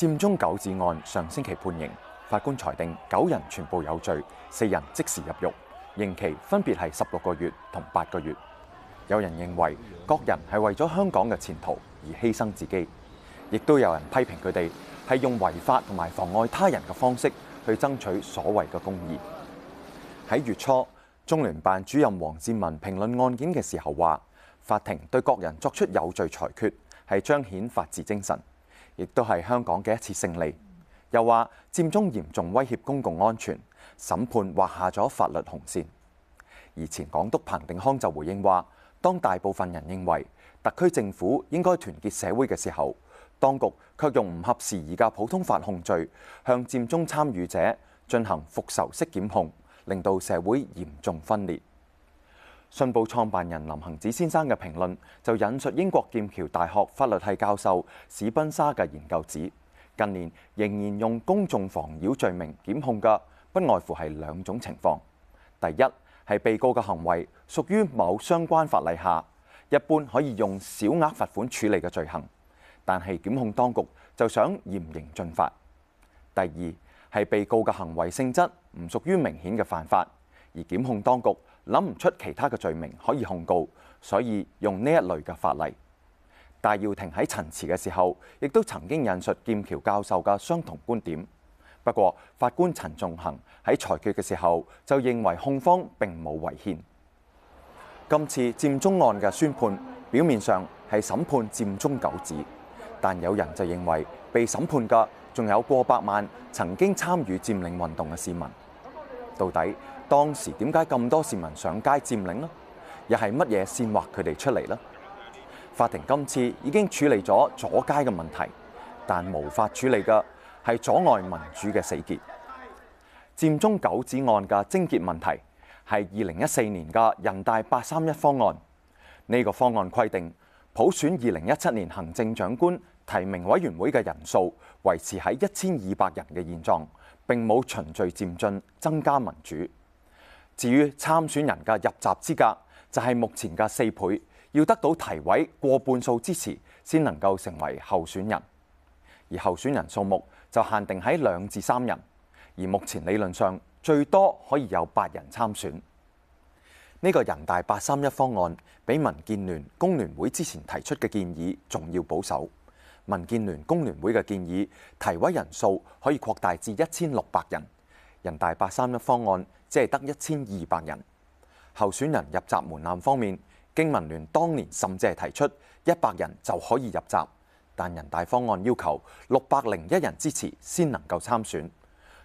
佔中九子案上星期判刑，法官裁定九人全部有罪，四人即時入獄，刑期分別係十六個月同八個月。有人認為各人係為咗香港嘅前途而犧牲自己，亦都有人批評佢哋係用違法同埋妨礙他人嘅方式去爭取所謂嘅公義。喺月初，中聯辦主任王志文評論案件嘅時候話：法庭對各人作出有罪裁決係彰顯法治精神。亦都係香港嘅一次勝利。又話佔中嚴重威脅公共安全，審判劃下咗法律紅線。而前港督彭定康就回應話：當大部分人認為特區政府應該團結社會嘅時候，當局卻用唔合時宜嘅普通法控罪，向佔中參與者進行復仇式檢控，令到社會嚴重分裂。信報創辦人林恒子先生嘅評論就引述英國劍橋大學法律系教授史賓莎嘅研究指，近年仍然用公眾妨擾罪名檢控嘅，不外乎係兩種情況：第一係被告嘅行為屬於某相關法例下，一般可以用小額罰款處理嘅罪行，但係檢控當局就想嚴刑峻法；第二係被告嘅行為性質唔屬於明顯嘅犯法。而檢控當局諗唔出其他嘅罪名可以控告，所以用呢一類嘅法例。戴耀廷喺陳詞嘅時候，亦都曾經引述劍，劍橋教授嘅相同觀點。不過法官陳仲衡喺裁決嘅時候就認為控方並冇違憲。今次佔中案嘅宣判表面上係審判佔中九子，但有人就認為被審判嘅仲有過百萬曾經參與佔領運動嘅市民。到底當時點解咁多市民上街佔領呢？又係乜嘢煽惑佢哋出嚟呢？法庭今次已經處理咗阻街嘅問題，但無法處理嘅係阻礙民主嘅死結。佔中九子案嘅症結問題係二零一四年嘅人大八三一方案。呢個方案規定，普選二零一七年行政長官提名委員會嘅人數維持喺一千二百人嘅現狀。並冇循序漸進增加民主。至於參選人嘅入閘資格，就係目前嘅四倍，要得到提委過半數支持，先能夠成為候選人。而候選人數目就限定喺兩至三人，而目前理論上最多可以有八人參選。呢個人大八三一方案比民建聯工聯會之前提出嘅建議仲要保守。民建聯工聯會嘅建議，提委人數可以擴大至一千六百人，人大八三一方案只係得一千二百人。候選人入閘門檻方面，經民聯當年甚至係提出一百人就可以入閘，但人大方案要求六百零一人支持先能夠參選。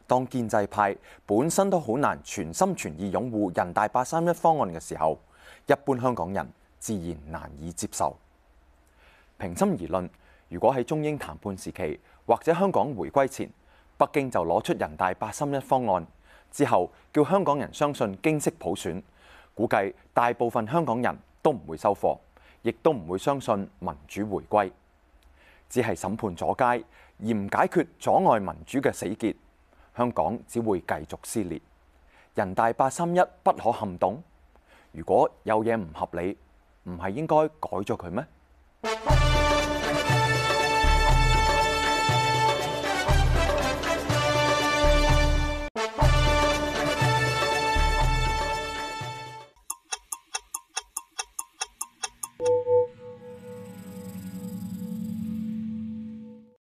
當建制派本身都好難全心全意擁護人大八三一方案嘅時候，一般香港人自然難以接受。平心而論。如果喺中英談判時期或者香港回歸前，北京就攞出人大八三一方案之後，叫香港人相信經釋普選，估計大部分香港人都唔會收貨，亦都唔會相信民主回歸。只係審判阻街，而唔解決阻礙民主嘅死結，香港只會繼續撕裂。人大八三一不可撼動，如果有嘢唔合理，唔係應該改咗佢咩？